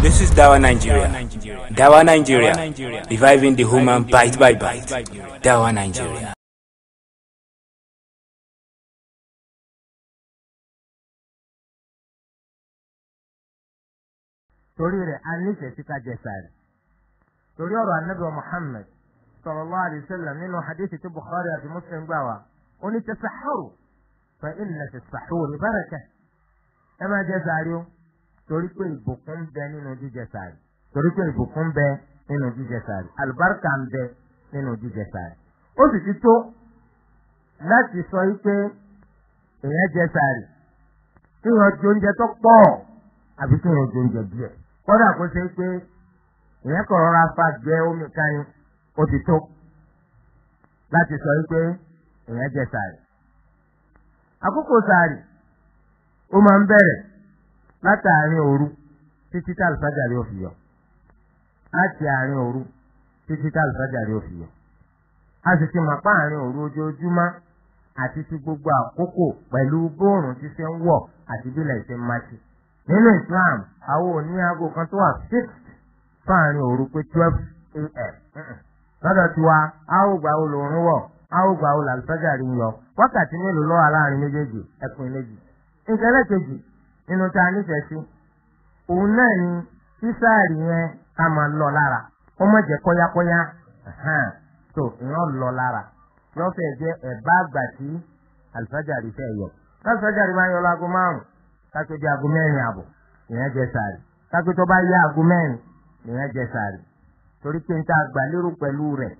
This is Dawa Nigeria. Dawa Nigeria. Reviving the human bite by bite. Dawa Nigeria. torí rẹ̀ a nífẹ̀ẹ́ sí anabi wa muhammed sallallahu alayhi wa nínú hadith tí bukhari àti muslim gbà wá ó fa inna baraka torí pé ìbùkún ń bẹ nínú jíjẹ sààrì torí pé ìbùkún ń bẹ nínú jíjẹ sààrì àlùbáríkà ń bẹ nínú jíjẹ sààrì ó sì ti tó láti sọ wípé èèyàn jẹ sààrì kí wọn jẹ oúnjẹ tó pọ̀ àbí kí wọn jẹ oúnjẹ díẹ̀ kódà kó ṣe pé èèyàn kọ̀ rọra fa gbẹ omi kan ó ti tó láti sọ wípé èèyàn jẹ sààrì àkókò sààrì ó máa ń bẹ̀rẹ̀. látàárín òru títí tá àlùfájàre ò fi yọ láti àárín òru títí tá àlùfájàre ò fi a sì ti àárín òru àti ti gbogbo àkókò pẹ̀lú bóòrùn ti ṣe ń wọ̀ àti bílẹ̀ ṣe ń máṣe nínú Islam àwọn òní aago kan tó wà a.m. lọ́dọ̀ tiwa a ó gbà ó wọ̀ a ó gbà ó yọ wákàtí mélòó nínú tá a nífẹ̀ẹ́ sí òun náà ni sísáàrì yẹn máa lọ lára kó má jẹ́ kọ́yákọ́yá tó ìran lọ lára yóò fẹ́ jẹ́ ẹ̀bá àgbà tí fẹ́ yọ. àlùfájàrí máa ń yọ márùn aago mẹ́rin ìyẹn jẹ tó bá yẹ aago mẹ́rin ìyẹn jẹ torí pé n ta àgbà lérò pẹ̀lú rẹ̀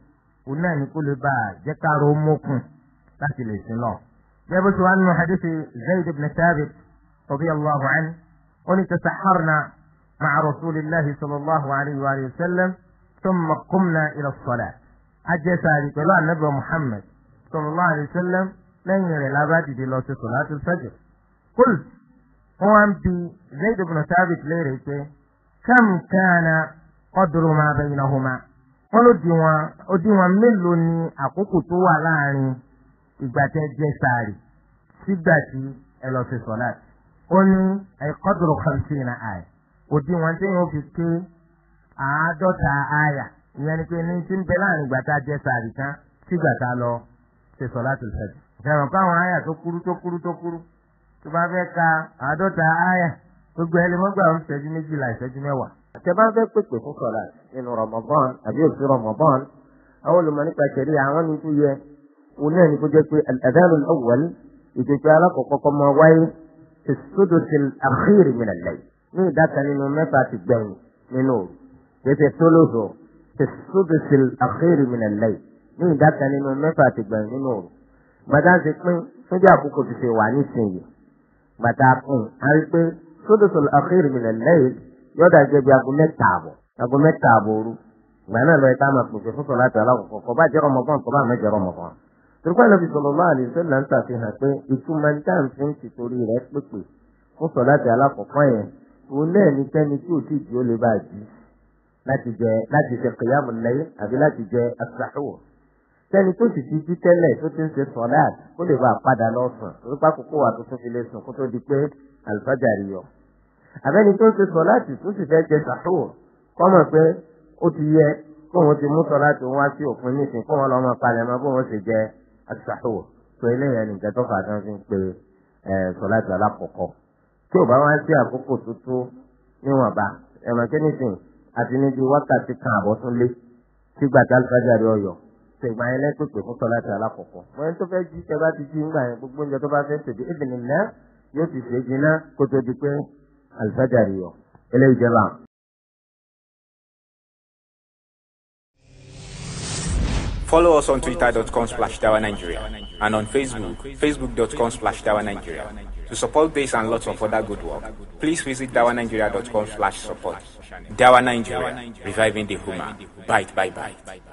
òun náà a jẹ́ mókun láti lè sin رضي الله عنه قل تسحرنا مع رسول الله صلى الله عليه وآله وسلم ثم قمنا إلى الصلاة أجلس على لا النبي محمد صلى الله عليه وسلم لن يرى الأباد دي لو صلاة الفجر قلت هو أنبي زيد بن ثابت ليريك كم كان قدر ما بينهما قلوا ديوا وديوا ملوني أقوكو توا لاني إبتجي ساري سيبتي إلى صلاة onu ní ẹ̀kọ́dùrù khamsina náà àyà òdi wọn tí yóò fi ké àádọ́ta àyà ìyẹn ni pé ní ti ń bẹ láàrin ìgbà a jẹ sààrì tán sí lọ ṣe salatul fajr. tó kúrú tó kúrú tó kúrú tó ka àádọ́ta àyà gbogbo ẹlẹ́mọ́gbà ń ṣẹ́jú méjìlá ìṣẹ́jú mẹ́wàá àtẹ̀bá fẹ́ pèpè fún sọ̀lá nínú Ramadan àbí òsì Ramadan àwọn olùmọ̀ nípa ìṣẹ̀lẹ̀ àwọn yẹ òun náà kó jẹ́ pé alákọ̀ọ́kọ́ fi sódòtì àkírì mi nàlẹ́ ní ìdáka nínú mẹ́fà ti gbẹ̀yìn nínú òru kìí tólóso fi sódòtì àkírì mi nàlẹ́ ní ìdáka nínú mẹ́fà ti gbẹ̀yìn nínú òru gbàdá ti pín sójú àkókò ti fi wà nísìnyí gbàdá pín a rí pé sódòtì àkírì mi nàlẹ́ yọ̀dà jẹ́ bí aago mẹ́ta àbọ̀ aago mẹ́ta àbọ̀ òru gbàdá lọ́ọ́ ká máa pèsè fún sọ̀rọ̀ àti aláwọ̀ kọ̀ọ̀kan bá jẹ́ ọmọ torípé ànábì sallallahu alaihi wasallam ń ṣàfihàn pé ìtumọ̀ níta ń fi ń tìtorí rẹ̀ pèpè fún sọ̀láàtì alákọ̀ọ́kọ́ yẹn òun náà ní kẹ́ni tí ò tíì tí ó lè bá jí láti jẹ láti ṣe qiyamul layl àbí láti jẹ as-sahur kẹ́ni tó sì ti jí tẹ́lẹ̀ tó ti ń ṣe sọ̀láàt kó lè bá padà lọ sùn torípé àkókò wà tó tún fi lè sùn kó tó di pé àlùfájàrí yọ àbẹ́ni tó ń ṣe sọ̀láàtì tó sì fẹ́ jẹ sahur kọ́mọ̀ pé ó ti yẹ kóun ti mú sọ̀láàtì wọn wá sí òpin nísìnyí kóun lọ́mọ palẹ̀mọ́ àtàwọ̀ tó eléyàn nìkan tó fàá tí wọ́n fi ń pe sọlá ìgbà lákọ̀ọ́kọ́ tí ò bá wá sí àkókò tó tó níwọ̀nba ẹ̀rọ kẹ́nìsìn àti níbi wákàtí kan àbọ̀ tún lé sígbà tí alifájàre ọyọ ṣègbà yẹn lẹ́pẹ̀pẹ̀ fún sọlá ìgbà lákọ̀ọ́kọ́ wọ́n yẹn tó fẹ́ jí ẹ bá ti jí ńgbà yẹn gbogbo oúnjẹ tó bá fẹ́ tètè ìbìnrin náà yóò ti ṣèjì náà kó tó di pé alifájàre yọ eléyìí jẹ́ bá. Follow us on twitter.com slash Tower Nigeria and on Facebook, facebook.com slash Tower Nigeria. To support this and lots of other good work, please visit dawanigeria.com slash support. Dawa Nigeria, reviving the human. Bye bye, bye.